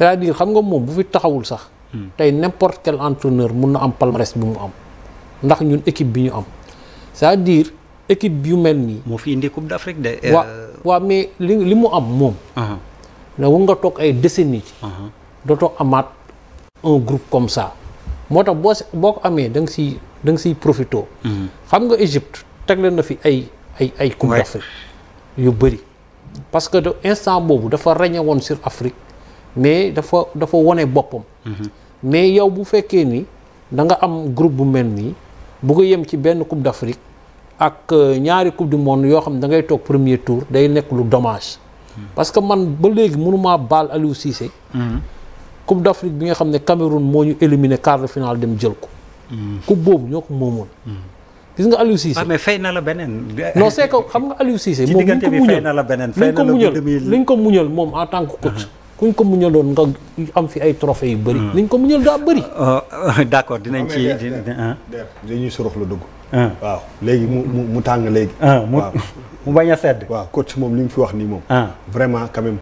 cest à xam nga moom bu fi taxawul sax. Hmm. tey n'importe quel entraîneur mun na am palmarès bi mu am ndax ñun équipe bi ñu am c'est-à-dire bi yu mel nii. moo fi indi coupe d'Afrique de. waaw euh, mais li li mu am moom. Uh-huh. ne war nga toog ay décennies. Uh-huh. toog amaat un groupe comme ça moo tax boo si boo ko amee da nga siy da nga siy profité. Mm-hmm. xam nga Égypte teg leen na fi ay ay ay. coupe d'Afrique yu bëri. parce que instant boobu dafa ràññe woon sur Afrique. mais dafa dafa wone boppam. Mhm. mais yow bu fekkee ni danga am groupe bu mel nii bu ko yem ci benn coupe d'Afrique ak euh, ñaari coupe du monde yoo xam ne da ngay toog premier tour day nekk lu dommage. Mhm. parce que man ba léegi mënumaa baal Aliou Cissé. Mhm. coupe d'Afrique bi nga xam ne Cameroun moo ñu éliminé quart de finale dem jël ko. coupe boobu ñoo ko moomoon. gis nga Aliou Cissé. Ah, mais fay na la beneen. non c'est que xam nga Aliou Cissé. moom li ko muñal ci na la beneen. fay na la ko muñal li moom en tant que kuñ ko muñaloon nga am fi ay trophée yu bëri. Hmm. liñ ko muñal daa bëri. Ah, ah, ah, d' accord dinañ ci. dañuy surux la dugg. waaw léegi mu mu mu tàng léegi. mu mu bañ a sedd. waaw coach moom li mu fi wax nii moom. vraiment quand même.